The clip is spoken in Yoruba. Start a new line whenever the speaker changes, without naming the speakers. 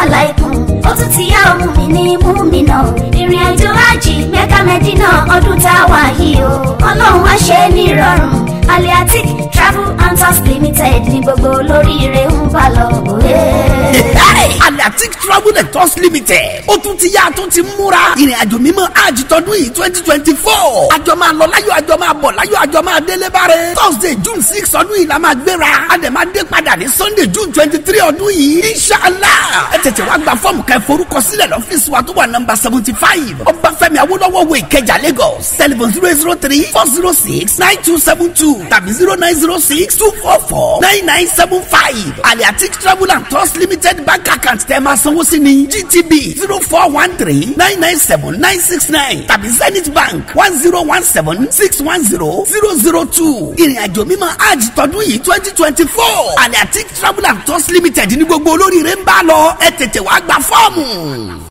aláìkún ó tún ti yá ọmú mi ní mú mi nà ìrìn àjò àjì mẹ́ka mẹ́dínà ọdún tá a wà yìí o ọlọ́run wá ṣe é ní ìrọ̀rùn aliatic
travel and tours limited ní gbogbo olóríire ń bá lọ òye. aliatic travel and tours limited ó tún ti yá tún ti múra ìrìn àjò mímọ́ àjì tọdún yìí twenty twenty four àjọ máa lọ láyọ̀ àjọ máa bọ̀ láyọ̀ àjọ máa délé bá rẹ̀ thursday june six ọdún yìí la máa gbéra a dẹ̀ máa dé pa ní sunday june twenty three ọdún yìí inshallah ẹ tètè wá gba fọ́ọ̀mù ká ẹ forúkọ sílẹ̀ lọ́fíìsì wa tó wà nọ́mbà seventy five ọbáfẹ́mi awólọ́wọ̀ wo ìkẹjà lagos Seven zero zero three four zero six nine two seven two tàbí zero nine zero six two four four nine nine seven five aliatic travel and trust limited bank account tẹ́ máa sanwó sí ní gtb zero four one three nine nine seven nine six nine tàbí zenith bank one zero one seven six one zero zero zero two ìrìnàjò mímọ́ hajj tọdún yìí twenty twenty four aliatic batik travel and tours limited ní gbogbo olóríire ń bá lọ ẹ tètè wá gba fọ́ọ̀mù.